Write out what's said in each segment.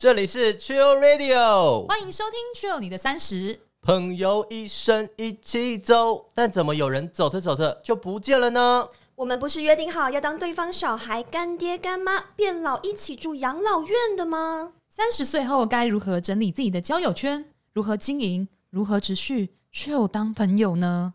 這裡是 Chill Radio，歡迎收聽 Chill 你的三十。朋友一生一起走，但怎麼有人走着走着就不見了呢？我們不是約定好要當對方小孩乾爹乾媽，變老一起住養老院的嗎？三十歲後該如何整理自己的交友圈？如何經營？如何持續 Chill 當朋友呢？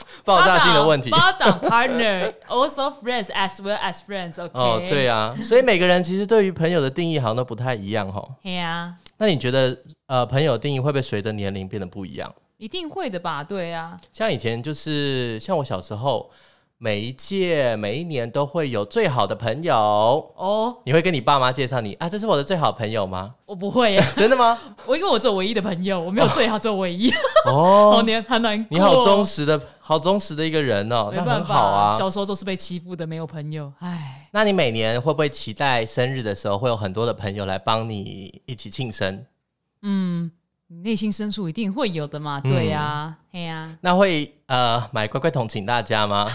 爆炸性的問題。partner，also friends as well as friends,okay?。o 哦，對啊，所以每個人其實對於朋友的定義好像都不太一樣哈。 那你覺得呃，朋友的定義會不會隨着年齡變得不一樣？一定會的吧？對啊。像以前就是像我小時候。每一屆每一年都會有最好的朋友哦。Oh, 你會跟你爸媽介紹你啊？這是我的最好的朋友嗎？我不會耶， 真的嗎？ 我因為我只有唯一的朋友，我沒有最好，只有唯一。Oh, 哦，好難過，你好忠實的好忠實的一個人哦，沒辦法，那很好啊。小時候都是被欺負的，沒有朋友，哎，那你每年會不會期待生日的時候會有很多的朋友來幫你一起慶生？嗯。你內心深處一定會有的嘛？對呀、啊，嗯、嘿呀、啊，那會呃買乖乖桶請大家嗎？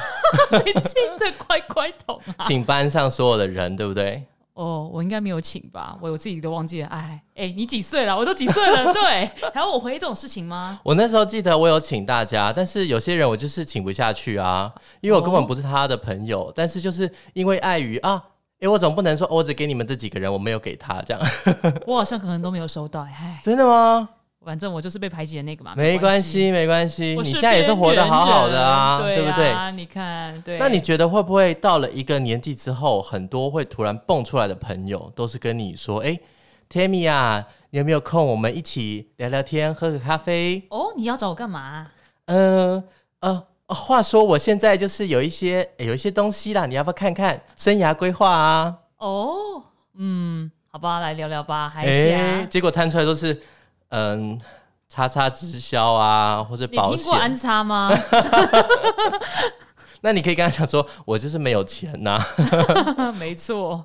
誰記得乖乖桶、啊、請班上所有的人，對不對？哦，oh, 我應該沒有請吧？我我自己都忘記了。哎，哎、欸，你幾歲了？我都幾歲了？ 對，還要我回憶這種事情嗎？我那時候記得我有請大家，但是有些人我就是請不下去啊，因為我根本不是他的朋友。Oh. 但是就是因為礙於啊，哎、欸，我總不能說我只給你們這幾個人，我沒有給他這樣。 我好像可能都沒有收到、欸，哎，真的嗎？反正我就是被排擠的那個嘛，沒關係，沒關係，你現在也是活得好好的啊，對，啊對不對？啊，你看，對。那你覺得會不會到了一個年紀之後，很多會突然蹦出來的朋友，都是跟你說：“誒 Tammy 啊，你有沒有空？我們一起聊聊天，喝個咖啡。”哦，你要找我幹嘛？嗯呃，呃，話說我現在就是有一些誒有一些東西啦，你要不要看看生涯規劃啊？哦，嗯，好吧，來聊聊吧。哎、欸，結果攤出來都是。嗯，叉叉直銷啊，或者保險。你聽過安插嗎？ 那你可以跟他講說，我就是沒有錢吶、啊。 沒錯錯，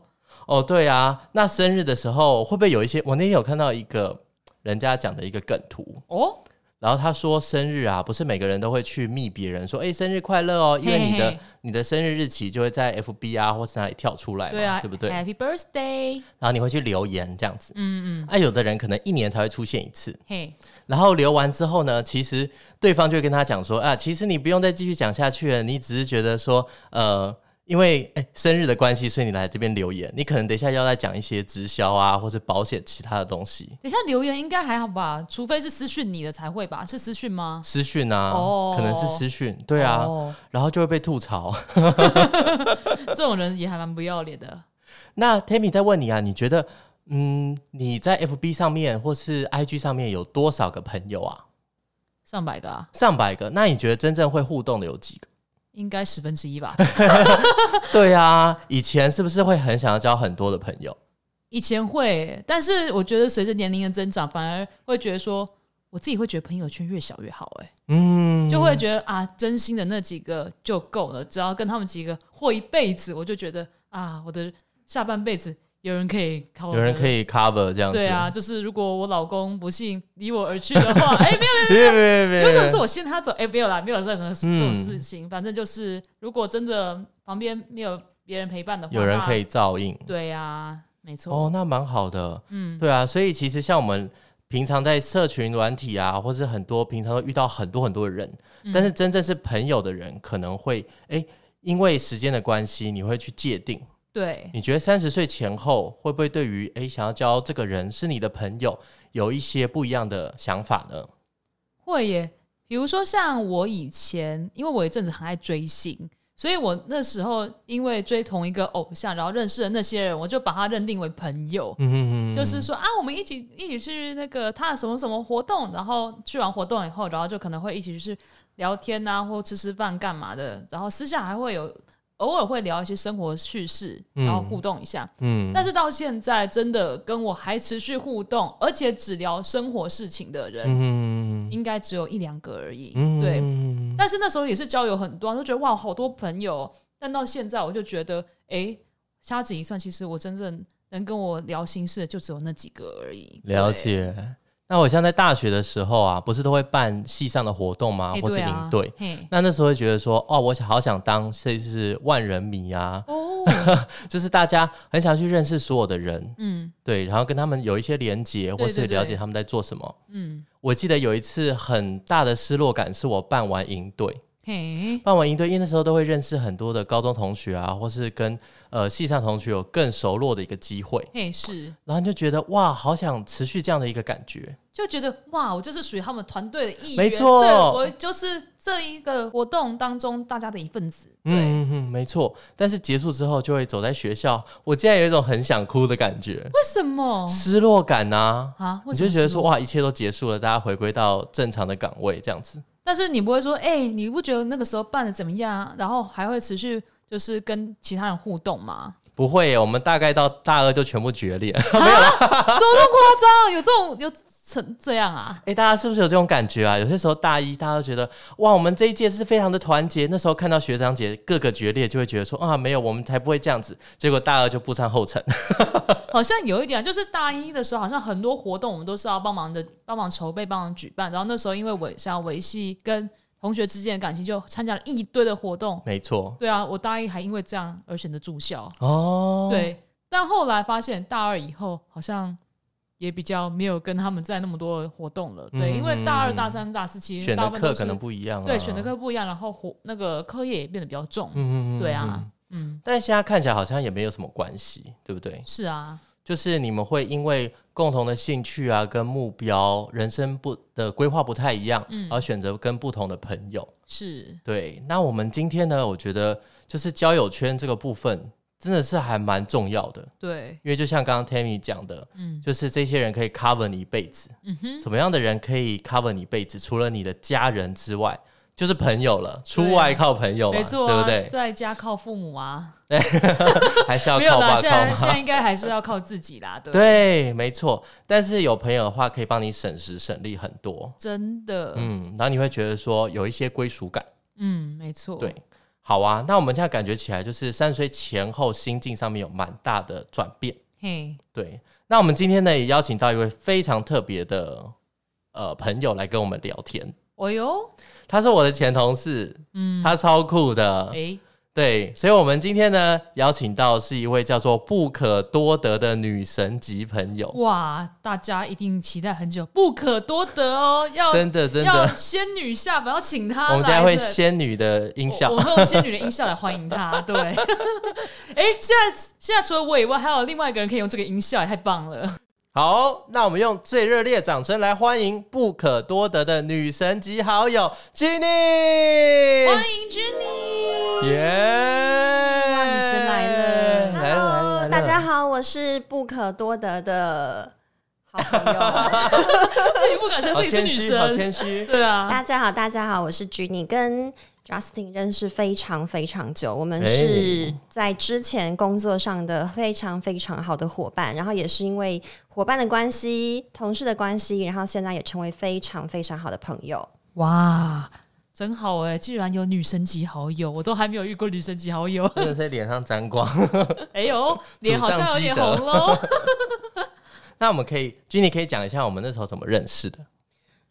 哦，對啊，那生日的時候會不會有一些？我那天有看到一個人家講的一個梗圖哦。然後他說生日啊，不是每個人都會去密別人說，哎，生日快樂哦，因為你的 hey, hey. 你的生日日期就會在 F B 啊，或是哪裡跳出來嘛，對、啊、對不對？Happy birthday！然後你會去留言這樣子，嗯嗯，那、嗯啊、有的人可能一年才會出現一次，嘿。Hey. 然後留完之後呢，其實對方就會跟他講說啊，其實你不用再繼續講下去了，你只是覺得說，呃。因為哎、欸，生日的關係，所以你來這邊留言。你可能等一下要再講一些直銷啊，或者保險其他的東西。等一下留言應該還好吧？除非是私訊你的才會吧？是私訊嗎？私訊啊，哦，oh, 可能是私訊，對啊，oh. 然後就會被吐槽。 這種人也還蠻不要臉的。那 Tammy 在問你啊，你覺得，嗯，你在 FB 上面或是 IG 上面有多少個朋友啊？上百個啊，上百個。那你覺得真正會互動的有幾個？應該十分之一吧。 對啊，以前是不是會很想要交很多的朋友？以前會，但是我覺得隨着年齡的增長，反而會覺得說，我自己會覺得朋友圈越小越好欸。哎，嗯，就會覺得啊，真心的那幾個就夠了，只要跟他們幾個過一輩子，我就覺得啊，我的下半輩子。有人可以 cover, 有人可以 cover 這樣子。對啊，就是如果我老公不幸離我而去的話，哎、 欸，沒有沒有沒有沒有沒有，又不 是我先他走，哎、欸，沒有啦，沒有任何這種事情。嗯、反正就是，如果真的旁邊沒有別人陪伴的話，有人可以照應。對呀、啊，沒錯。哦，那蠻好的。嗯，對啊，所以其實像我們平常在社群軟體啊，或是很多平常都遇到很多很多人，嗯、但是真正是朋友的人，可能會哎、欸，因為時間的關係，你會去界定。對，你覺得三十歲前後會不會對於哎、欸、想要交這個人是你的朋友有一些不一樣的想法呢？會耶，比如說像我以前，因為我一陣子很愛追星，所以我那時候因為追同一個偶像，然後認識的那些人，我就把他認定為朋友。嗯哼嗯嗯，就是說啊，我們一起一起去那個他的什麼什麼活動，然後去完活動以後，然後就可能會一起去，去聊天啊，或吃吃飯幹嘛的，然後私下還會有。偶爾會聊一些生活趣事，然後互動一下。嗯嗯、但是到現在，真的跟我還持續互動，而且只聊生活事情的人，應該只有一兩個而已。嗯、對，嗯、但是那時候也是交友很多，都覺得哇，好多朋友。但到現在，我就覺得，哎、欸，掐指一算，其實我真正能跟我聊心事的，就只有那幾個而已。了解。那我像在大學的時候啊，不是都會辦系上的活動嗎？Hey, 或者營隊？Hey, 那那時候會覺得說，Hey. 哦，我好想當，就是萬人迷啊，oh. 就是大家很想去認識所有的人，嗯、對，然後跟他們有一些連結，或是了解他們在做什麼。對對對我記得有一次很大的失落感，是我辦完營隊。傍晚迎對音的時候，都會認識很多的高中同學啊，或是跟呃系上同學有更熟絡的一個機會。嘿，是，然後你就覺得哇，好想持續這樣的一個感覺，就覺得哇，我就是屬於他們團隊的一員，沒錯，我就是這一個活動當中大家的一份子。嗯嗯，沒錯。但是結束之後，就會走在學校，我竟然有一種很想哭的感覺。為什麼？失落感啊？啊，啊你就覺得說哇，一切都結束了，大家回歸到正常的崗位，這樣子。但是你不會說，哎、欸，你不覺得那個時候辦的怎麼樣？然後還會持續就是跟其他人互動嗎？不會，我們大概到大二就全部決裂，沒有蛤，這 麼誇張？ 有這種有。成這樣啊！哎、欸，大家是不是有這種感覺啊？有些時候大一，大家都覺得哇，我們這一屆是非常的團結。那時候看到學長姐各個決裂，就會覺得說啊，沒有，我們才不會這樣子。結果大二就步上後塵。 好像有一點，就是大一的時候，好像很多活動我們都是要幫忙的，幫忙籌備，幫忙舉辦。然後那時候，因為我想要維繫跟同學之間的感情，就參加了一堆的活動。沒錯錯，對啊，我大一還因為這樣而選擇住校哦，對，但後來發現大二以後好像。也比較沒有跟他們在那麼多活動了，對，嗯嗯，因為大二、大三、大四其實選的課可能不一樣，、啊，對，選的課不一樣，然後活那個課業也變得比較重，嗯，嗯嗯嗯，對啊，嗯，但是現在看起來好像也沒有什麼關係，對不對？是啊，就是你們會因為共同的興趣啊、跟目標、人生不的規劃不太一樣，嗯，而選擇跟不同的朋友，是對。那我們今天呢，我覺得就是交友圈這個部分，真的是還蠻重要的，對，因為就像剛剛 Tammy 講的，嗯，就是這些人可以 cover 你一輩子，什麼樣的人可以 cover 你一輩子？除了你的家人之外，就是朋友了。出外靠朋友了，沒錯，對不對？在家靠父母啊，還是要靠自己，現在應該還是要靠自己啦，對對？對，沒錯。但是有朋友的話，可以幫你省時省力很多，真的。嗯，然後你會覺得說有一些歸屬感，嗯，沒錯，對。好啊，那我們現在感覺起來就是三十歲前後心境上面有蠻大的轉變。嘿，對，那我們今天呢也邀請到一位非常特別的呃朋友來跟我們聊天。哦呦，他是我的前同事，嗯，他超酷的。欸對，所以，我們今天呢，邀請到是一位叫做不可多得的女神級朋友哇！大家一定期待很久，不可多得哦，要 真的真的要仙女下凡，要請她。我們等下會仙女的音效，對我會用仙女的音效來歡迎她。 對、 欸，現在現在除了我以外，還有另外一個人可以用這個音效，也太棒了！好，那我們用最熱烈的掌聲來歡迎不可多得的女神級好友 Jeanie，歡迎 Jeanie。耶 Yeah,、啊！女神來了！來了，大家好，我是不可多得的好朋友， 自己不敢說自己是女神，好謙虛，對啊。大家好，大家好，我是 Jeanie 跟 Justin 認識非常非常久，我們是在之前工作上的非常非常好的夥伴，哎、然後也是因為夥伴的關係、同事的關係，然後現在也成為非常非常好的朋友。哇！真好哎、欸，居然有女神級好友，我都還沒有遇過女神級好友。真的在臉上沾光， 哎呦，主上 臉好像得有點紅囉。 那我們可以，Jeanie 可以講一下我們那時候怎麼認識的？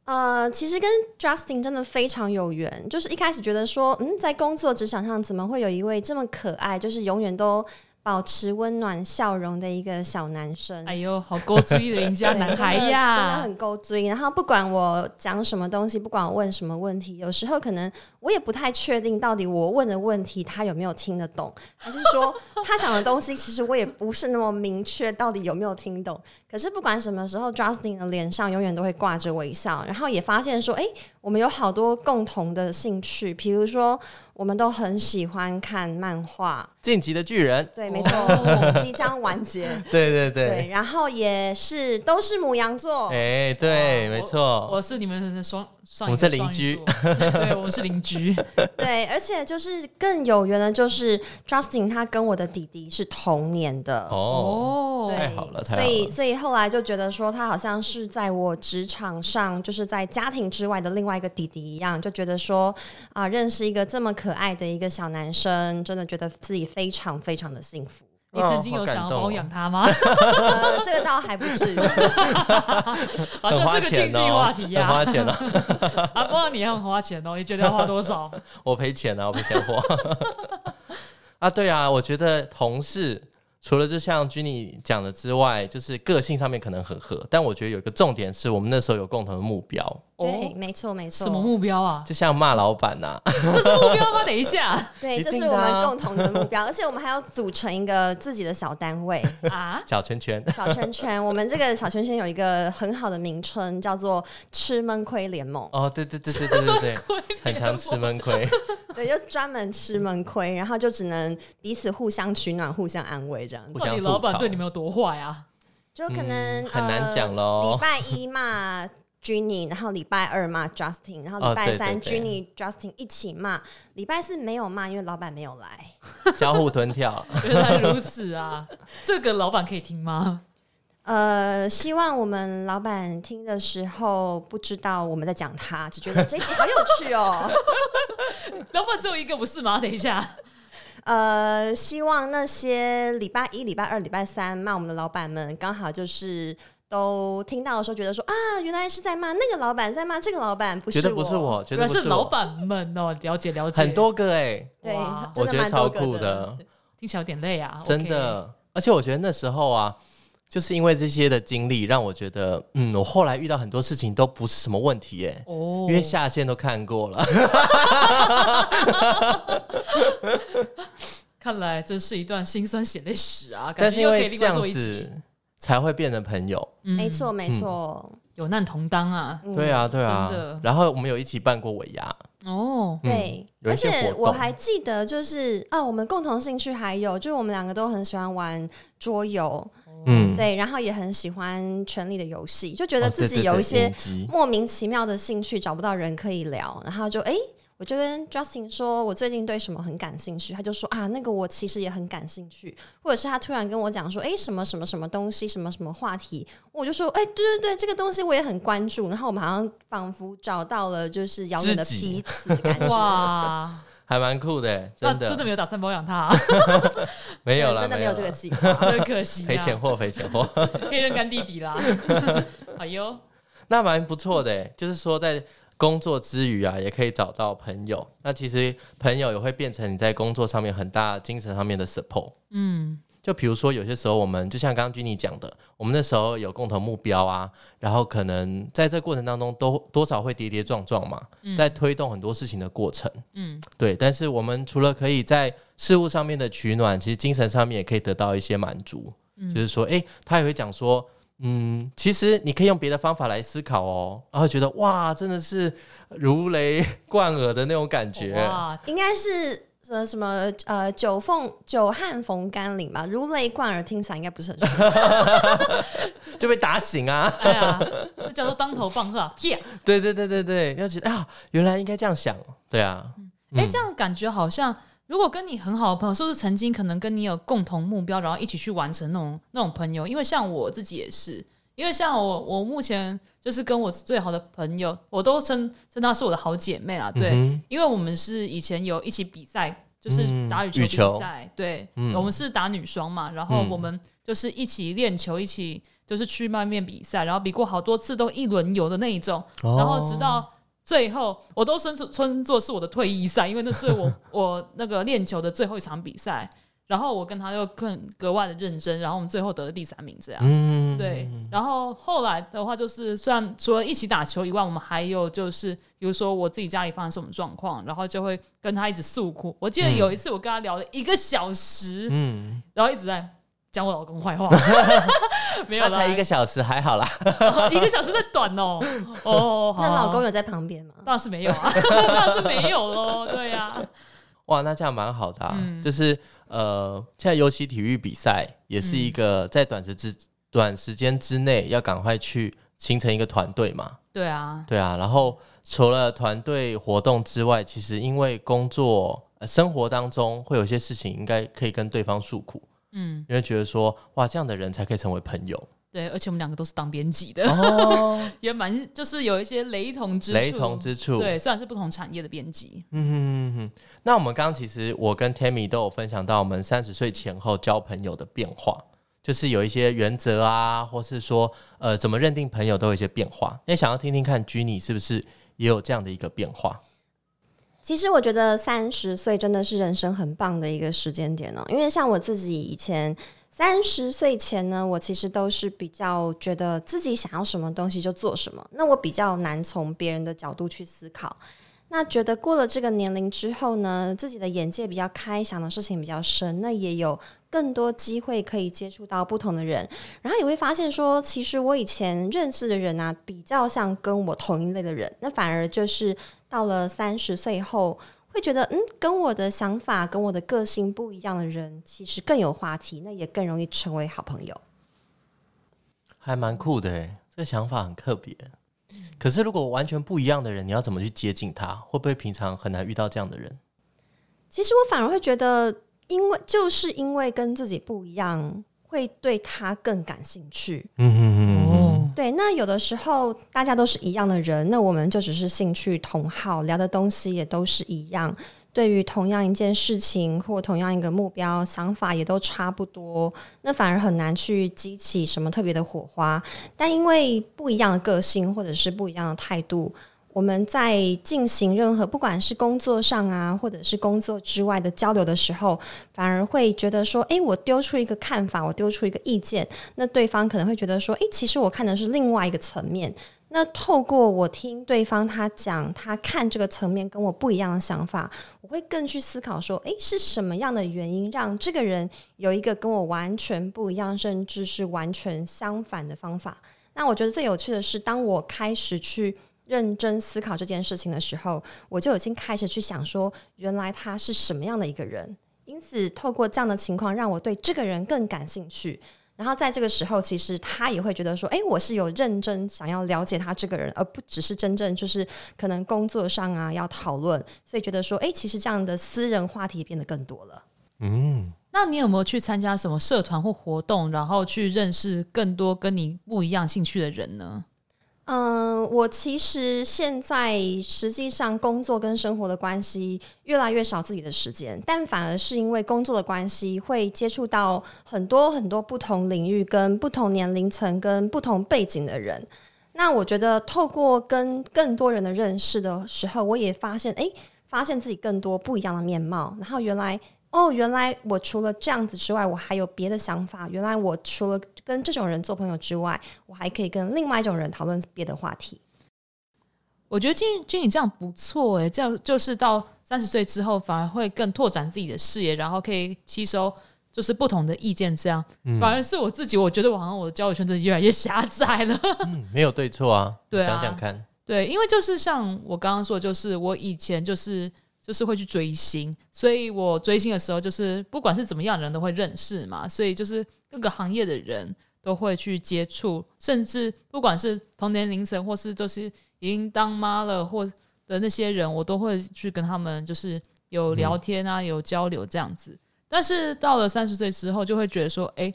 呃，其實跟 Justin 真的非常有緣，就是一開始覺得說，嗯，在工作職場上怎麼會有一位這麼可愛，就是永遠都。保持溫暖笑容的一個小男生。哎呦，好古錐的鄰家男孩呀！ 真的很古錐。然後不管我講什麼東西，不管我問什麼問題，有時候可能我也不太確定到底我問的問題他有沒有聽得懂，還是說他講的東西其實我也不是那麼明確到底有沒有聽懂。 可是不管什麼時候，Justin 的臉上永遠都會掛着微笑。然後也發現說，哎、欸，我們有好多共同的興趣，比如說。我們都很喜歡看漫畫，《進擊的巨人》對，沒錯，哦、即將完結。 對對對，對，然後也是都是牡羊座，哎、欸，對，哇沒錯錯，我是你們的雙。我是鄰居，一 對，我是鄰居。 對，而且就是更有緣的，就是 Justin，他跟我的弟弟是同年的哦，對太好了，太好了。所以，所以後來就覺得說，他好像是在我職場上，就是在家庭之外的另外一個弟弟一樣，就覺得說啊、呃，認識一個這麼可愛的一個小男生，真的覺得自己非常非常的幸福。你曾經有想要包養他嗎？哦、這個倒還不是 好像是個經濟話題、啊，很花錢哦。很花錢哦。哇 、啊，不然你也很花錢哦？你覺得要花多少？我賠錢啊，我沒錢花。啊， 啊對啊，我覺得同事。除了就像 Jeanie 講的之外，就是個性上面可能很合，但我覺得有一個重點是我們那時候有共同的目標。哦、對，沒錯沒錯。什麼目標啊？就像罵老闆吶、啊。這是目標嗎？等一下， 對，這你 是我們共同的目標。 而且我們還要組成一個自己的小單位啊，小圈圈，小圈圈。我們這個小圈圈有一個很好的名稱，叫做“吃悶虧聯盟”。哦，對對對對對對對，很常吃悶虧。 對，就專門吃悶虧，然後就只能彼此互相取暖，互相安慰。到底老闆對你們有多壞啊？就可能，嗯、很難講嘍。禮、呃、拜一罵 Jeanie，然後禮拜二罵 Justin，然後禮拜三 Jeanie、哦、Justin 一起罵。禮拜四沒有罵，因為老闆沒有來。相互吞跳， 原來如此啊！ 這個老闆可以聽嗎？呃，希望我們老闆聽的時候不知道我們在講他，只覺得這一集好有趣哦。 老闆只有一個，不是嗎？等一下。呃，希望那些禮拜一、禮拜二、禮拜三罵我們的老板們，剛好就是都聽到的時候，覺得說啊，原來是在罵那個老板，在罵這個老板，不是我，覺得不是我，覺得是，是老板們哦。了解，了解，很多個哎、欸，對，我覺得超酷的，聽起來有點累啊，真的。OK 而且我覺得那時候啊，就是因為這些的經歷，讓我覺得，嗯，我後來遇到很多事情都不是什麼問題哎、欸，哦、因為下線都看過了。 看來這是一段辛酸血淚史啊！但是因為這樣子才會變成朋友，嗯、沒錯沒錯，有難同當啊！對啊、嗯、對啊，對啊真的然後我們有一起辦過尾牙哦，嗯、對，而且我還記得就是啊，我們共同興趣還有就是我們兩個都很喜歡玩桌遊，嗯，對，然後也很喜歡權力的遊戲，就覺得自己有一些莫名其妙的興趣找不到人可以聊，然後就哎。欸我就跟 Justin 說，我最近對什麼很感興趣，他就說啊，那個我其實也很感興趣。或者是他突然跟我講說，誒、欸，什麼什麼什麼東西，什麼什麼話題，我就說，哎、欸，對對對，這個東西我也很關注。然後我們好像仿佛找到了就是遙遠的彼此，哇， 還蠻酷的，真的真的沒有打算包養他、啊， 沒有了啦， 真的沒有這個計劃，很 可惜，賠錢貨，賠錢貨，可以認乾弟弟啦，哎 呦，那蠻不錯的，就是說在。工作之餘啊，也可以找到朋友。那其實朋友也會變成你在工作上面很大精神上面的 support。嗯，就比如說有些時候我們就像剛剛 Jeanie 講的，我們那時候有共同目標啊，然後可能在這過程當中都多少會跌跌撞撞嘛，嗯、在推動很多事情的過程。嗯，對。但是我們除了可以在事物上面的取暖，其實精神上面也可以得到一些滿足。嗯，就是說，哎、欸，他也會講說。嗯，其實你可以用別的方法來思考哦，然、啊、後覺得哇，真的是如雷貫耳的那種感覺哇，應該是呃什麼呃久逢久旱逢甘霖吧，如雷貫耳聽起來應該不是很 就被打醒啊，對啊、哎呀， 叫做當頭棒喝，屁， 對對對對對，要覺得啊，原來應該這樣想，對啊，哎、嗯欸，這樣感覺好像。如果跟你很好的朋友，是不是曾經可能跟你有共同目標，然後一起去完成那種那種朋友？因為像我自己也是，因為像我，我目前就是跟我最好的朋友，我都稱稱她是我的好姐妹啊。對，嗯、哼因為我們是以前有一起比賽，就是打羽球比賽，嗯、對，嗯、我們是打女雙嘛，然後我們就是一起練球，一起就是去外面比賽，然後比過好多次都一輪遊的那一種，哦、然後直到。最後，我都稱作稱作是我的退役賽，因為那是我我那個練球的最後一場比賽。 然後我跟他又更格外的認真，然後我們最後得了第三名，這樣。嗯嗯嗯，對。然後後來的話，就是算除了一起打球以外，我們還有就是，比如說我自己家裡發生什麼狀況，然後就會跟他一直訴苦。我記得有一次我跟他聊了一個小時，嗯嗯嗯，然後一直在。講我老公壞話， 沒有啦才一個小時，還好啦， 哦。一個小時再短哦。哦，那老公有在旁邊嗎？倒 是沒有，啊。倒 是沒有咯。對啊，哇，那這樣蠻好的啊。嗯、就是呃，現在尤其體育比賽，也是一個在短時之、嗯、短時間之內要趕快去形成一個團隊嘛。對啊，對啊。然後除了團隊活動之外，其實因為工作、呃、生活當中會有些事情，應該可以跟對方訴苦。嗯，因為覺得說，哇，這樣的人才可以成為朋友。對，而且我們兩個都是當編輯的，哦、 也蠻就是有一些雷同之處。雷同之處，對，雖然是不同產業的編輯。嗯哼，嗯嗯，那我們剛剛其實我跟 Tammy 都有分享到，我們三十歲前後交朋友的變化，就是有一些原則啊，或是說呃怎麼認定朋友都有一些變化。那想要聽聽看，Jeanie 是不是也有這樣的一個變化？其實我覺得三十歲真的是人生很棒的一個時間點哦，因為像我自己以前，三十歲前呢，我其實都是比較覺得自己想要什麼東西就做什麼，那我比較難從別人的角度去思考。那覺得過了這個年齡之後呢，自己的眼界比較開，想的事情比較深，那也有更多機會可以接觸到不同的人，然後也會發現說，其實我以前認識的人啊，比較像跟我同一類的人，那反而就是到了三十歲後，會覺得嗯，跟我的想法、跟我的個性不一樣的人，其實更有話題，那也更容易成為好朋友，還蠻酷的誒，這個想法很特別。可是，如果完全不一樣的人，你要怎麼去接近他？會不會平常很難遇到這樣的人？其實我反而會覺得，因為就是因為跟自己不一樣，會對他更感興趣。嗯哼嗯嗯，對。那有的時候大家都是一樣的人，那我們就只是興趣同好，聊的東西也都是一樣。對於同樣一件事情或同樣一個目標，想法也都差不多，那反而很難去激起什麼特別的火花。但因為不一樣的個性或者是不一樣的態度，我們在進行任何不管是工作上啊，或者是工作之外的交流的時候，反而會覺得說：誒，我丟出一個看法，我丟出一個意見，那對方可能會覺得說：誒，其實我看的是另外一個層面。那透過我聽對方他講，他看這個層面跟我不一樣的想法，我會更去思考說，誒，是什麼樣的原因讓這個人有一個跟我完全不一樣，甚至是完全相反的方法？那我覺得最有趣的是，當我開始去認真思考這件事情的時候，我就已經開始去想說，原來他是什麼樣的一個人。因此，透過這樣的情況，讓我對這個人更感興趣。然後在這個時候，其實他也會覺得說：“哎、欸，我是有認真想要了解他這個人，而不只是真正就是可能工作上啊要討論。”所以覺得說：“哎、欸，其實這樣的私人話題變得更多了。”嗯，那你有沒有去參加什麼社團或活動，然後去認識更多跟你不一樣興趣的人呢？嗯，我其實現在實際上工作跟生活的關係越來越少自己的時間，但反而是因為工作的關係，會接觸到很多很多不同領域、跟不同年齡層、跟不同背景的人。那我覺得透過跟更多人的認識的時候，我也發現，誒，發現自己更多不一樣的面貌，然後原來。哦，原來我除了這樣子之外，我還有別的想法。原來我除了跟這種人做朋友之外，我還可以跟另外一種人討論別的話題。我覺得 Jeanie，你這樣不錯哎、欸，這樣就是到三十歲之後，反而會更拓展自己的視野，然後可以吸收就是不同的意見。這樣、嗯、反而是我自己，我覺得我好像我的交友圈子越來越狹窄了。 嗯、沒有對錯啊，對啊，講講看。對，因為就是像我剛剛說的，就是我以前就是。就是會去追星，所以我追星的時候，就是不管是怎麼樣的人都會認識嘛，所以就是各個行業的人都會去接觸，甚至不管是同年齡層或是就是已經當媽了或的那些人，我都會去跟他們就是有聊天啊，有交流這樣子。嗯、但是到了三十歲之後，就會覺得說，哎、欸，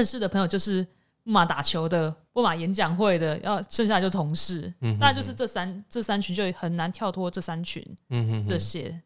認識的朋友就是。不馬打球的，不馬演講會的，要剩下就同事，嗯哼哼，大概就是這三這三群就很難跳脫這三群，嗯哼，哼，這些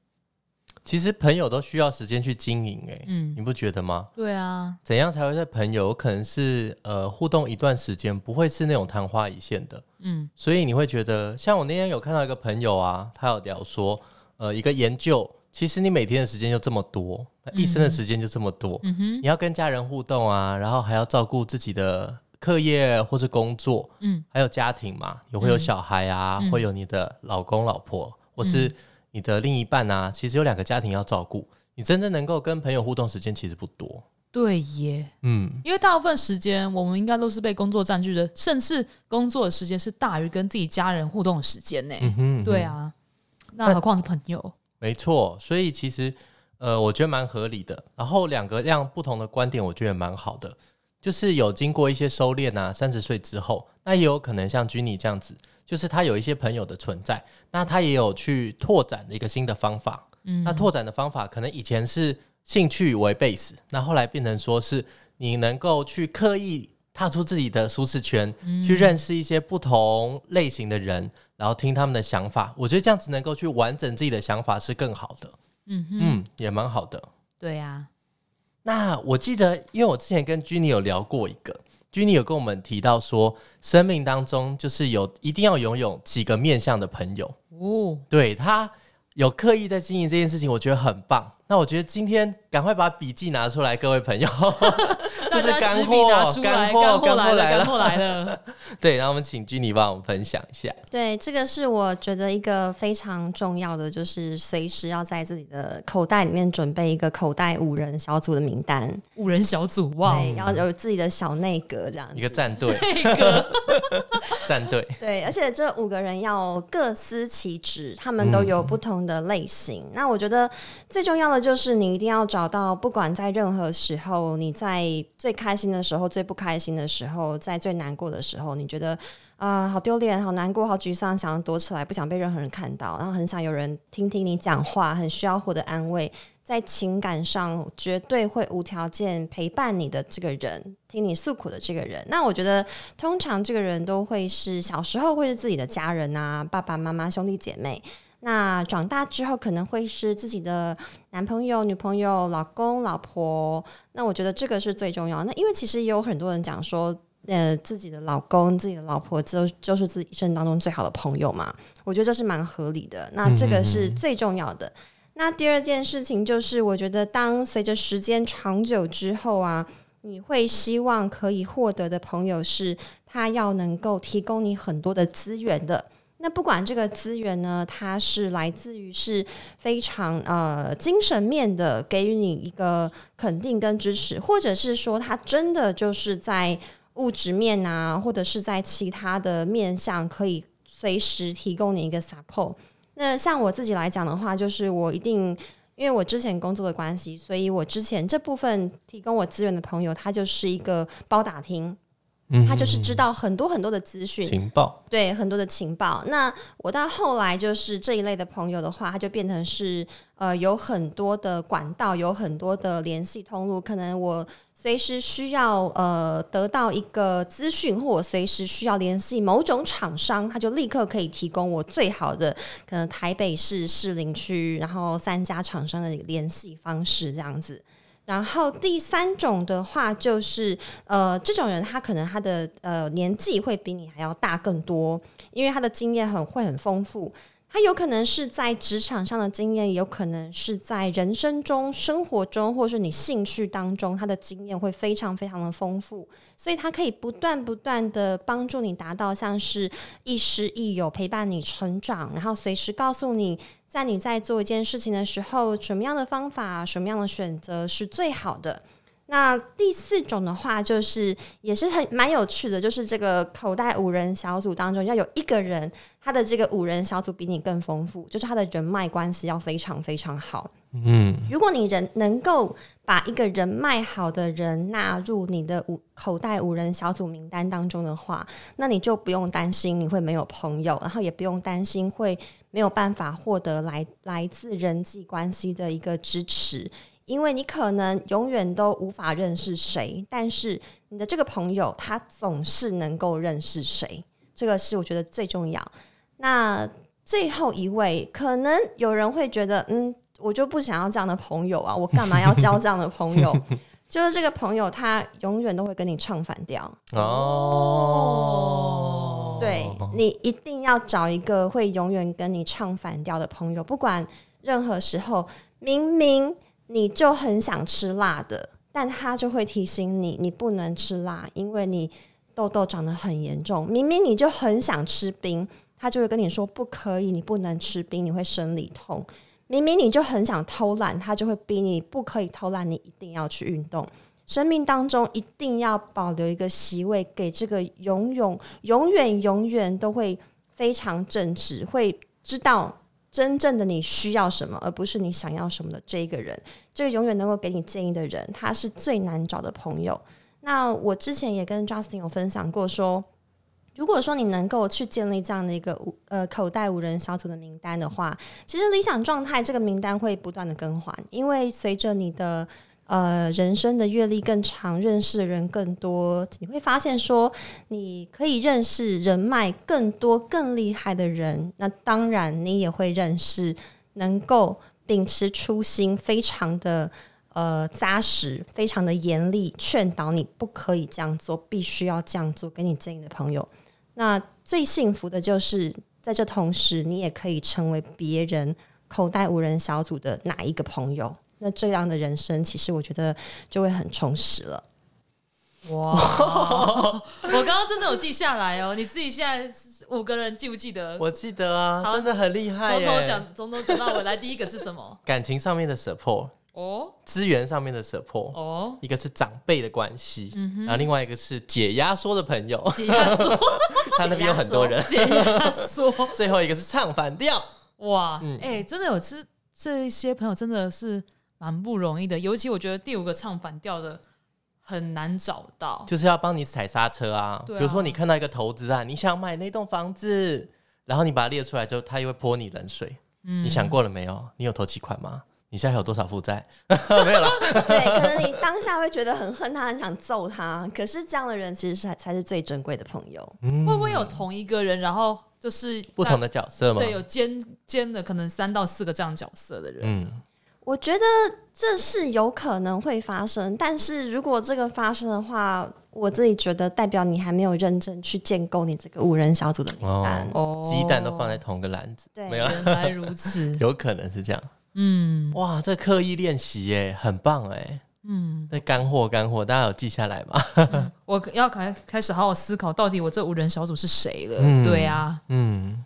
其實朋友都需要時間去經營、欸，哎，嗯，你不覺得嗎？對啊，怎樣才會在朋友可能是呃互動一段時間，不會是那種曇花一現的，嗯，所以你會覺得像我那天有看到一個朋友啊，他有聊說呃一個研究。其實你每天的時間就這麼多，嗯哼，一生的時間就這麼多。嗯哼，你要跟家人互動啊，然後還要照顧自己的課業或是工作，嗯，還有家庭嘛，也會有小孩啊，會、嗯、有你的老公老婆、嗯、或是你的另一半啊。其實有兩個家庭要照顧，你真正能夠跟朋友互動時間其實不多。對耶，嗯，因為大部分時間我們應該都是被工作占據的，甚至工作的時間是大於跟自己家人互動的時間呢。嗯、哼哼對啊，那何況是朋友。啊沒錯，所以其實，呃，我覺得蠻合理的。然後兩個樣不同的觀點，我覺得蠻好的。就是有經過一些收斂啊，三十歲之後，那也有可能像 Jeanie 這樣子，就是他有一些朋友的存在，那他也有去拓展的一個新的方法。嗯哼，那拓展的方法可能以前是興趣為 base，那後來變成說是你能夠去刻意。踏出自己的舒適圈，嗯、去認識一些不同類型的人，然後聽他們的想法。我覺得這樣子能夠去完整自己的想法是更好的。嗯哼嗯，也蠻好的。對呀、啊。那我記得，因為我之前跟 Jeanie 有聊過一個，Jeanie 有跟我們提到說，生命當中就是有一定要擁有幾個面向的朋友。哦，對，他有刻意在經營這件事情，我覺得很棒。那我覺得今天趕快把筆記拿出來，各位朋友，這 是乾貨，出來乾貨貨，乾貨來了，對，然後我們請 Jeanie 幫我們分享一下。對，這個是我覺得一個非常重要的，就是隨時要在自己的口袋裡面準備一個口袋五人小組的名單，五人小組，哇對，然後有自己的小內閣這樣，一個戰隊內閣戰隊，對，而且這五個人要各司其職，他們都有不同的類型。嗯、那我覺得最重要的。就是你一定要找到，不管在任何時候，你在最開心的時候、最不開心的時候、在最難過的時候，你覺得啊、呃，好丟臉、好難過、好沮喪，想要躲起來，不想被任何人看到，然後很想有人聽聽你講話，很需要獲得安慰，在情感上絕對會無條件陪伴你的這個人，聽你訴苦的這個人。那我覺得，通常這個人都會是小時候，會是自己的家人啊，爸爸媽媽、兄弟姐妹。那長大之後可能會是自己的男朋友、女朋友、老公、老婆。那我覺得這個是最重要的。那因為其實也有很多人講說，呃，自己的老公、自己的老婆就就是自己一生當中最好的朋友嘛。我覺得這是蠻合理的。那這個是最重要的。嗯嗯嗯。那第二件事情就是，我覺得當隨着時間長久之後啊，你會希望可以獲得的朋友是他要能夠提供你很多的資源的。那不管這個資源呢，它是來自於是非常呃精神面的，給予你一個肯定跟支持，或者是說它真的就是在物質面啊，或者是在其他的面向，可以隨時提供你一個 support。那像我自己來講的話，就是我一定因為我之前工作的關係，所以我之前這部分提供我資源的朋友，他就是一個包打聽。嗯、他就是知道很多很多的資訊情報，對，很多的情報。那我到後來就是這一類的朋友的話，他就變成是呃有很多的管道，有很多的聯繫通路。可能我隨時需要呃得到一個資訊，或我隨時需要聯繫某種廠商，他就立刻可以提供我最好的，可能台北市士林區然後三家廠商的聯繫方式這樣子。然後第三種的話，就是呃，這種人他可能他的呃年紀會比你還要大更多，因為他的經驗很會很豐富。他有可能是在職場上的經驗，有可能是在人生中、生活中，或是你興趣當中，他的經驗會非常非常的豐富，所以他可以不斷不斷的幫助你達到像是亦師亦友，陪伴你成長，然後隨時告訴你，在你在做一件事情的時候，什麼樣的方法、什麼樣的選擇是最好的。那第四種的話，就是也是很蠻有趣的，就是這個口袋五人小組當中要有一個人，他的這個五人小組比你更豐富，就是他的人脈關係要非常非常好。嗯，如果你人能夠把一個人脈好的人納入你的五口袋五人小組名單當中的話，那你就不用擔心你會沒有朋友，然後也不用擔心會沒有辦法獲得來來自人際關係的一個支持。因為你可能永遠都無法認識誰，但是你的這個朋友，他總是能夠認識誰，這個是我覺得最重要。那最後一位，可能有人會覺得，嗯，我就不想要這樣的朋友啊，我幹嘛要交這樣的朋友？ 就是這個朋友，他永遠都會跟你唱反調哦。Oh、對，你一定要找一個會永遠跟你唱反調的朋友，不管任何時候，明明。你就很想吃辣的，但他就會提醒你，你不能吃辣，因為你痘痘長得很嚴重。明明你就很想吃冰，他就會跟你說不可以，你不能吃冰，你會生理痛。明明你就很想偷懶，他就會逼你不可以偷懶，你一定要去運動。生命當中一定要保留一個席位給這個永遠、永遠、永遠都會非常正直，會知道。真正的你需要什麼，而不是你想要什麼的這一個人，這個永遠能夠給你建議的人，他是最難找的朋友。那我之前也跟 Justin 有分享過說，說如果說你能夠去建立這樣的一個呃口袋五人小組的名單的話，其實理想狀態這個名單會不斷的更換，因為隨着你的。呃，人生的閱歷更長，認識的人更多，你會發現說，你可以認識人脈更多、更厲害的人。那當然，你也會認識能夠秉持初心、非常的呃紮實、非常的嚴厲勸導你不可以這樣做，必須要這樣做給你建議的朋友。那最幸福的就是在這同時，你也可以成為別人口袋五人小組的哪一個朋友。那這樣的人生，其實我覺得就會很充實了。哇！我剛剛真的有記下來哦，你自己現在五個人記不記得？我記得啊，真的很厲害。從頭講，從頭知道我來，第一個是什麼？感情上面的 support 哦，資源上面的 support 哦，一個是長輩的關係，然後另外一個是解壓縮的朋友，解壓縮他那邊有很多人，解壓縮最後一個是唱反調。哇！哎，真的有這這些朋友，真的是。蠻不容易的，尤其我覺得第五個唱反調的很難找到，就是要幫你踩剎車啊。啊比如說你看到一個投資啊，你想要買那棟房子，然後你把它列出來之後，他又會潑你冷水。嗯、你想過了沒有？你有頭期款嗎？你現在還有多少負債？沒有了。對，可能你當下會覺得很恨他，很想揍他。可是這樣的人其實是才才是最珍貴的朋友。嗯、會不會有同一個人，然後就是不同的角色嗎？對，有兼尖的，可能三到四個這樣角色的人。嗯。我覺得這是有可能會發生，但是如果這個發生的話，我自己覺得代表你還沒有認真去建構你這個五人小組的名單。哦，雞蛋都放在同一個籃子。對，有原來如此， 有可能是這樣。嗯，哇，這刻意練習耶，很棒哎。嗯，那乾貨乾貨，大家有記下來嗎？ 嗯、我要開開始好好思考，到底我這五人小組是誰了。嗯，對啊，嗯。